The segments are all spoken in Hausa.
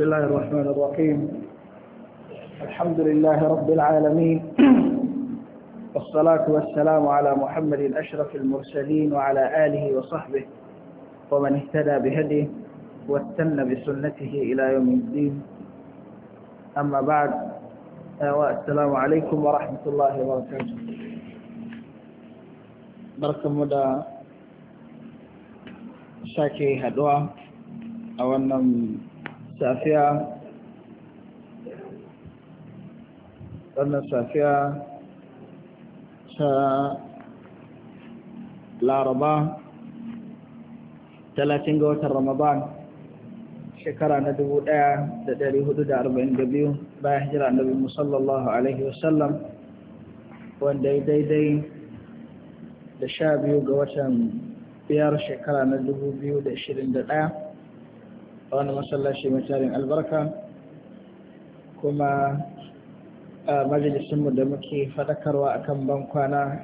بسم الله الرحمن الرحيم الحمد لله رب العالمين والصلاة والسلام على محمد الأشرف المرسلين وعلى آله وصحبه ومن اهتدى بهديه واتن بسنته إلى يوم الدين أما بعد السلام عليكم ورحمة الله وبركاته بركة مدى شاكي هدوى أولا safiya wannan safiya ta laraba talatin ga watan ramadan shekara na dubu ɗaya da da hudu arba'in biyu bayan hijira annabi musallallahu alaihi wasallam wanda ya daidai da sha biyu ga watan biyar shekara na dubu biyu da da ɗaya. a wani masallaci mai tarin albarka kuma a majalisunmu da muke faɗakarwa kan bankwana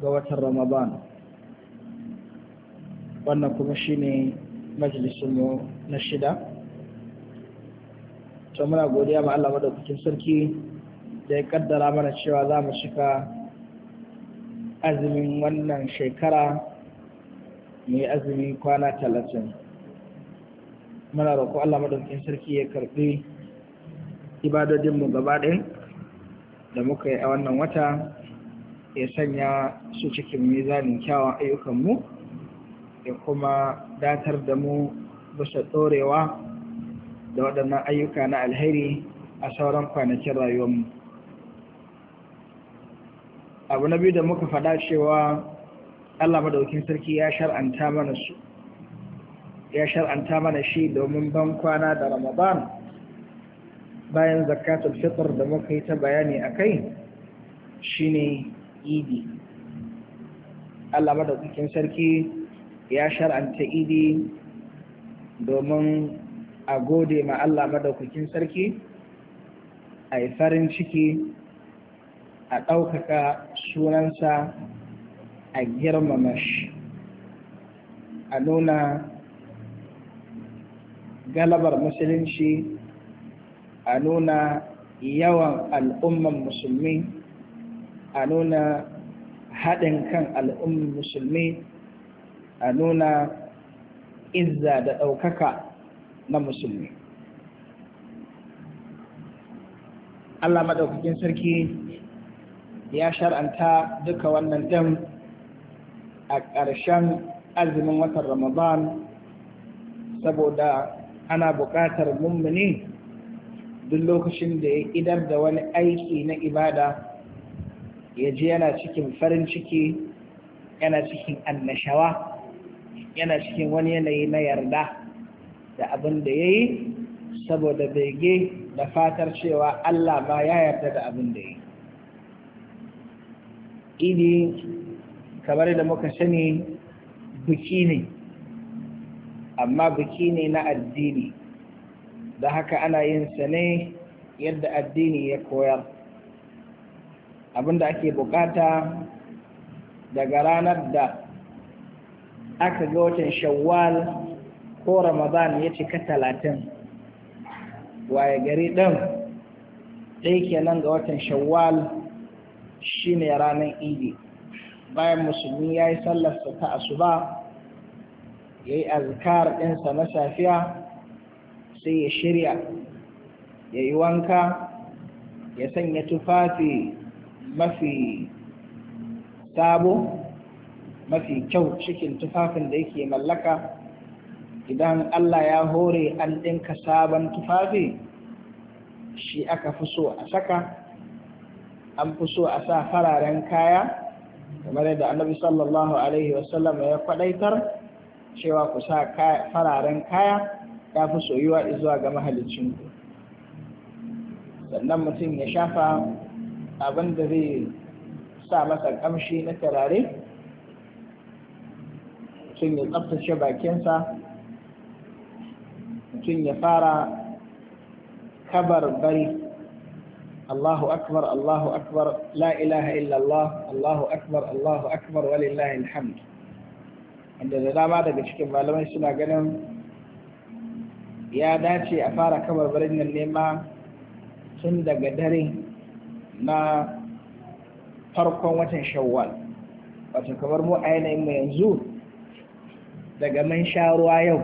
ga watan ramadan wannan kuma shi ne majalisunmu na shida to muna godiya ma Allah madaukakin sarki da ya kaddara mana cewa za mu shiga azumin wannan shekara mai azumi kwana talatin muna roƙo Allah maɗaukin sarki ya karɓi ibadodinmu gaba ɗin da muka yi a wannan wata ya sanya su cikin mizanin kyawun ayyukanmu ya kuma datar da mu bisa ɗorewa da waɗannan ayyuka na alheri a sauran kwanakin rayuwarmu abu na biyu da muka faɗa cewa Allah maɗaukin sarki ya shar'anta mana su ya shar'anta mana shi domin ban kwana da ramadan bayan zakatul fitr da muka yi ta bayani a kai shine idi allah cikin sarki ya shar'anta idi domin a gode ma allah madaukakin sarki a yi farin ciki a ɗaukaka sunansa a girmama shi a nuna galabar musulunci a nuna yawan al'umman musulmi a nuna haɗin kan al'umman musulmi a nuna izza da ɗaukaka na musulmi Allah maɗaukakin sarki ya shar'anta duka wannan dam a ƙarshen azumin watan Ramadan saboda ana buƙatar mummuni duk lokacin da ya idar da wani aiki na ibada ya ji yana cikin farin ciki yana cikin annashawa yana cikin wani yanayi na yarda da abin da ya yi saboda bege da fatar cewa Allah ba ya yarda da abin da ya yi idi kamar da muka sani biki ne amma biki ne na addini da haka ana yin sa ne yadda addini ya koyar abinda ake bukata daga ranar da aka ga watan shawwal ko ramadan ya cika talatin waye gari ɗin ɗaya kenan ga watan shawwal shine ranar idi bayan musulmi ya yi sallarsa ta asuba ya yi azkar ɗinsa na safiya sai ya shirya ya yi wanka ya sanya tufafi mafi sabo mafi kyau cikin tufafin da yake mallaka idan Allah ya hore an ɗinka sabon tufafi shi aka fi so a saka an fi so a sa fararen kaya kamar yadda annabi sallallahu alaihi wasallam ya kwadaitar cewa ku sa fararen kaya ya fi soyuwa zuwa ga mahalicinku sannan mutum ya shafa abin da zai sa masa kamshi na tarare mutum ya tsaftace bakinsa mutum ya fara kabar bari Allahu akbar Allahu akbar la ilaha illallah Allahu akbar Allahu akbar walillahi alhamd inda da dama daga cikin malamai suna ganin ya dace a fara kabarbarin nan nema tun daga dare na farkon watan shawwal wato kamar mu a yanayin mu yanzu daga man sha ruwa yau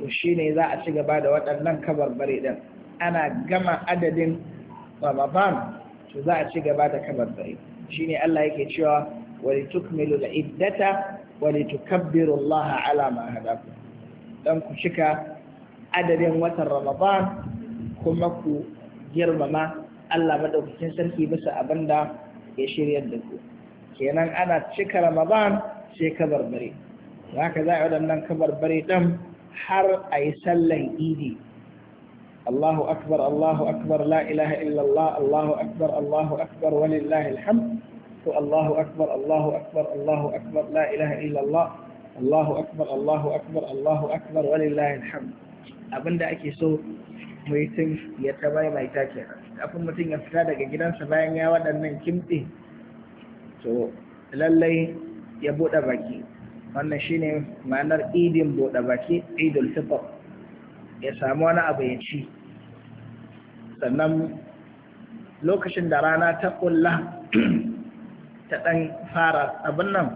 to shine za a ci gaba da waɗannan kabarbare ɗin ana gama adadin ramadan to za a ci gaba da kabarbare shine Allah yake cewa wani mai al-iddata Wani الله على ما هداكم dan ku cika adadin watan Ramadan kuma ku girmama Allah madaukakin sarki bisa abinda ya shirya da ku kenan ana cika Ramadan sai kabarbare haka za a waɗannan kabarbare ɗin har a yi sallan idi Allahu akbar Allahu akbar la ilaha illallah Allahu akbar Allahu akbar walillahi alhamd to Allahu akbar Allahu akbar Allahu akbar la ilaha illallah Allahu akbar Allahu akbar Allahu akbar walillahi alhamd abinda ake so mutum ya ta bai mai ta kenan kafin mutum ya fita daga gidansa bayan ya waɗannan kimtsi to lallai ya buɗe baki wannan shi ne ma'anar idin buɗe baki idul fitr ya samu wani abu ya ci sannan lokacin da rana ta ƙulla ta ɗan fara abin nan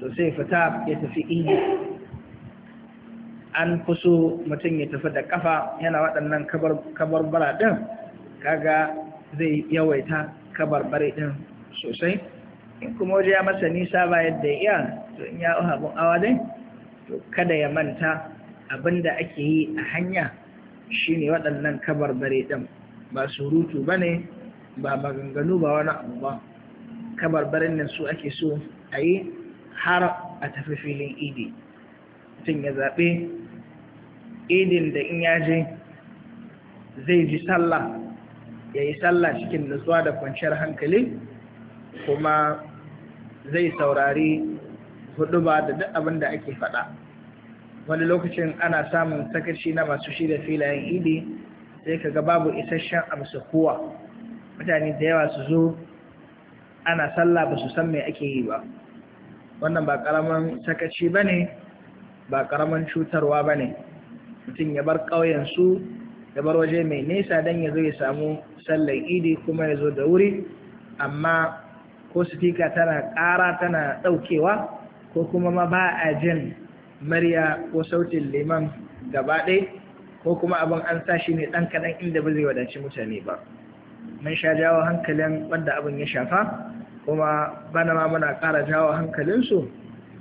to sai fita ya tafi inji an fi so mutum ya tafi da kafa yana waɗannan kabarbara ɗin kaga zai yawaita kabarbare ɗin sosai in kuma waje ya masa nisa ba yadda iya to in ya abin awa dai to kada ya manta abin da ake yi a hanya shine waɗannan kabarbare ɗin ba surutu ba ne ba maganganu ba wani abu ba barin nan su ake so a yi har a tafi filin idi mutum ya zaɓe idin da in ya je zai ji sallah ya yi sallah cikin nutsuwa da kwanciyar hankali kuma zai saurari hudu ba da duk abin da ake faɗa wani lokacin ana samun sakaci na masu shi da filayen idi sai ka ga babu isasshen amsa kowa mutane da yawa su zo ana sallah ba su san me ake yi ba wannan ba karaman sakaci ba ne ba ƙaramin cutarwa ba ne mutum ya bar ƙauyensu ya bar waje mai nesa don ya zo ya samu sallar idi kuma ya zo da wuri amma ko sifika tana ƙara tana ɗaukewa ko kuma ma ba a jin murya ko sautin liman gaba ɗaya ko kuma abin an sa shi ne ɗan kaɗan inda ba zai wadaci mutane ba mun sha jawo hankalin wanda abin ya shafa kuma bana ma muna ƙara jawo hankalinsu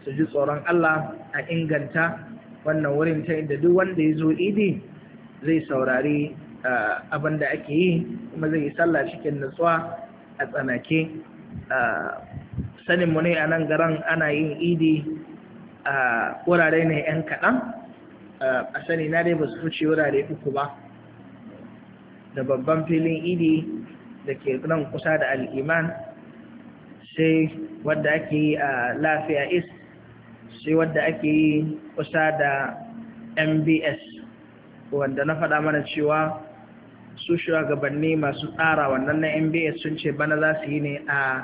su ji tsoron Allah a inganta wannan wurin ta inda duk wanda ya zo idi zai saurari abin da ake yi kuma zai yi sallah cikin nutsuwa a tsanake saninmu ne a nan garan ana yin idi a wurare ne 'yan kaɗan a sani na dai ba su wuce wurare uku ba da babban filin idi da ke nan kusa da al'iman sai wadda ake yi a lafiya is sai wadda ake yi kusa da mbs wanda na faɗa mana cewa su shugabanni masu tsara wannan na mbs sun ce bana za su yi ne a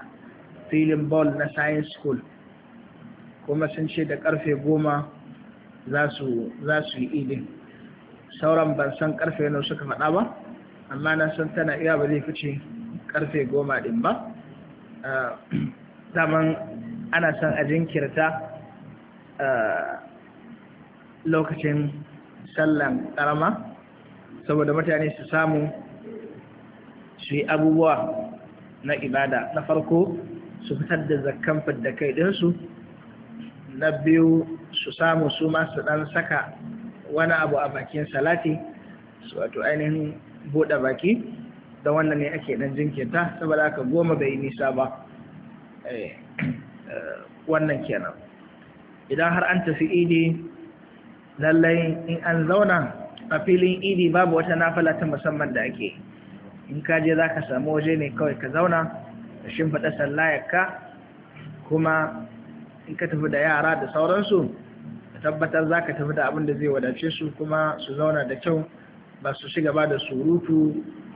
filin ball na science school kuma sun ce da karfe goma za su yi idin sauran ban san karfe nau suka faɗa ba amma na san tana iya ba zai fice karfe goma ɗin ba Eh, daman ana son a jinkirta eh, lokacin sallan karama saboda mutane su samu su abubuwa na ibada na farko su fitar da zakkan fadda kai ɗinsu na biyu su samu su masu ɗan saka wani abu a bakin salati su wato ainihin buɗe baki da wannan ne ake dan jinkirta saboda haka goma bai nisa ba eh, wannan kenan idan har an tafi idi lallai in an zauna a filin idi babu wata nafala ta musamman da ake in ka je za ka samu waje ne kawai ka zauna da shimfiɗa sallayarka kuma in ka tafi da yara da sauransu ka tabbatar za ka tafi da abin da zai wadace su kuma su zauna da kyau ba su shiga ba da surutu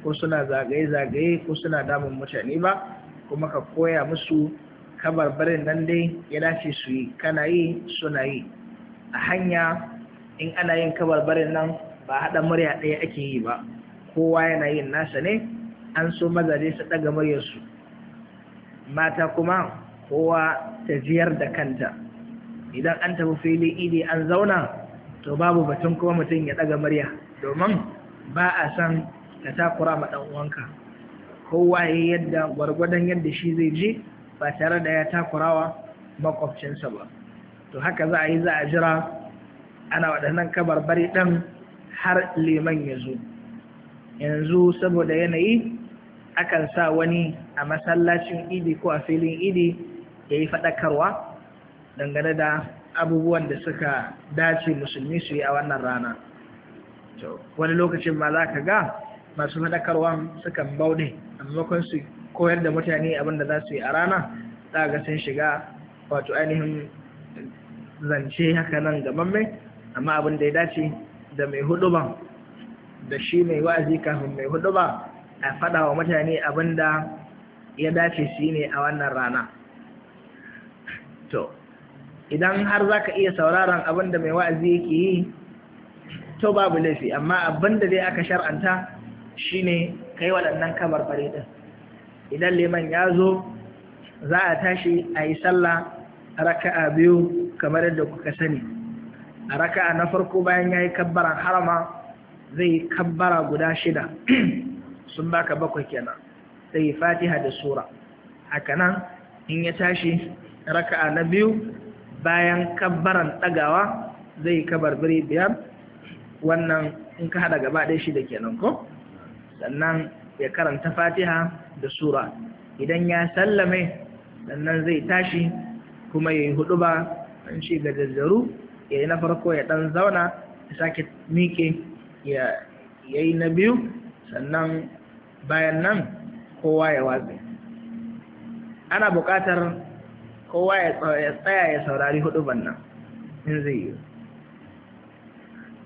ko suna zagaye-zagaye ko suna damun mutane ba kuma ka koya musu kabarbarin nan dai ya dace su yi kana yi suna yi a hanya in ana yin kabarbarin nan ba haɗa murya ɗaya ake yi ba kowa yana yin nasa ne an so mazaje su ɗaga muryarsu mata kuma kowa ta ziyar da kanta idan an tafi fili idi an zauna to babu batun kuma mutum ya ɗaga murya domin ba a san ka takura ma ɗan uwanka kowa ya yadda gwargwadon yadda shi zai je ba tare da ya takurawa makwabcinsa ba to haka za a yi za a jira ana waɗannan bari ɗan har liman ya zo yanzu saboda yanayi akan sa wani a masallacin idi ko a filin idi ya yi faɗakarwa dangane da abubuwan da suka dace musulmi su yi a wannan rana wani lokacin ma za ka ga masu faɗakarwan sukan bauɗe a maimakon su koyar da mutane abin da za su yi a rana za ga sun shiga wato ainihin zance haka nan gamamme amma abin da ya dace da mai huduban da shi mai wa'azi kafin mai huduba a faɗa wa mutane abin da ya dace su yi ne a wannan rana to idan har za ka iya sauraron abin da mai wa'azi yake yi to babu laifi amma abin da dai aka shar'anta shine kai waɗannan kabarbare din idan liman ya zo za a tashi a yi sallah raka'a biyu kamar yadda kuka sani a raka'a na farko bayan ya yi kabbaran harama zai yi kabbara guda shida sun baka bakwai kenan zai yi fatiha da sura hakanan in ya tashi raka'a na biyu bayan kabbaran ɗagawa zai yi biri biyar wannan in ka haɗa gaba ɗaya shida kenan ko sannan ya karanta fatiha da sura idan ya sallame sannan zai tashi kuma ya yi hudu ba an shi ga ya yi na farko ya dan zauna ya sake miƙe ya yi na biyu sannan bayan nan kowa ya watsi ana buƙatar kowa ya tsaya ya saurari hudu ban nan in zai yi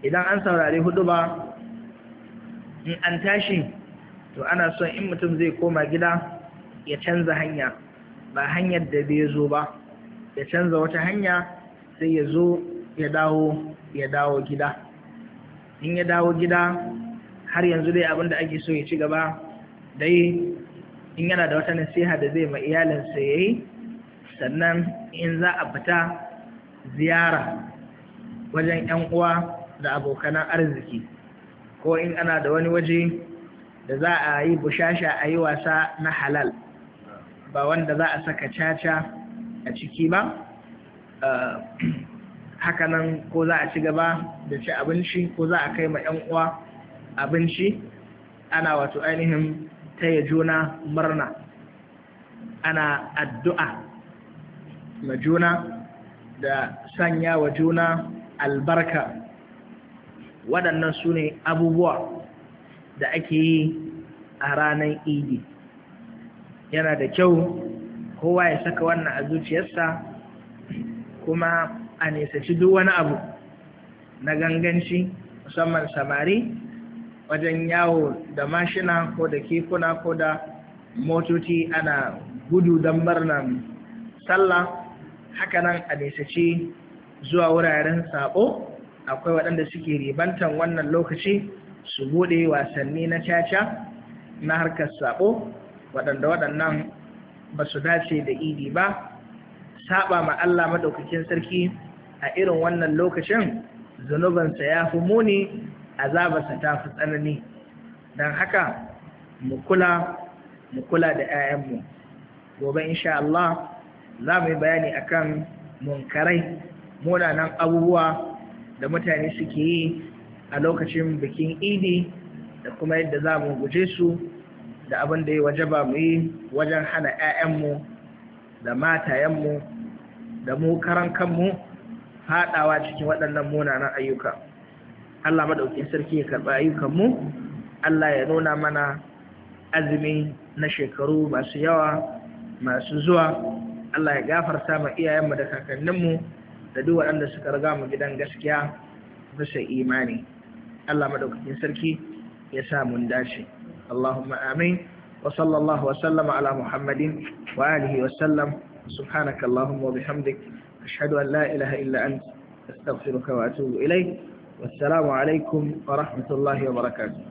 idan an saurari hudu ba in an tashi to ana son in mutum zai koma gida ya canza hanya ba hanyar da bai zo ba ya canza wata hanya sai ya zo ya dawo ya dawo gida in ya dawo gida har yanzu dai abinda ake so ya ci gaba dai in yana da wata nasiha da zai ma iyalinsa ya yi sannan in za a fita ziyara wajen 'yan uwa da abokanan arziki ko in ana da wani waje da za a yi bushasha a yi wasa na halal ba wanda za a saka caca a ciki ba eh, hakanan ko za a ci gaba da ci abinci ko za a kai ma 'yan uwa abinci ana wato ainihin taya juna murna ana addu'a ma juna da sanya wa juna albarka waɗannan su ne abubuwa da ake yi a ranar idi yana da kyau kowa ya saka wannan a zuciyarsa kuma a nesaci duk wani abu na ganganci musamman samari wajen yawo da mashina ko da kekuna ko da motoci ana gudu don barnan sallah hakanan a nesaci zuwa wuraren sabo akwai waɗanda suke ribantan wannan lokaci su buɗe wasanni na caca na harkar saɓo waɗanda waɗannan ba su dace da idi ba Saɓa ma Allah maɗaukakin sarki a irin wannan lokacin zunubansa ya fi muni azabarsa ta fi tsanani don haka mu kula mu kula da 'ya'yanmu gobe insha Allah za mu yi bayani akan munkarai munanan abubuwa da mutane suke yi a lokacin bikin idi da kuma yadda za mu guje su da abin da ya wajaba mu yi wajen hana 'ya'yanmu da matayenmu da mu karan kanmu cikin waɗannan munanan ayyuka Allah maɗaukin sarki ya karɓi ayyukanmu Allah ya nuna mana azumi na shekaru masu yawa masu zuwa Allah ya gafarta ma iyayenmu da kakanninmu da duk waɗanda suka riga mu gidan gaskiya rasa imani Allah madaukakin sarki ya sa mun dace Allahumma amin wa sallallahu wa sallama ala Muhammadin wa alihi wa sallam subhanaka Allahumma wa bihamdik ashhadu an la ilaha illa anta astaghfiruka wa atubu ilayk wassalamu alaikum wa rahmatullahi wa barakatuh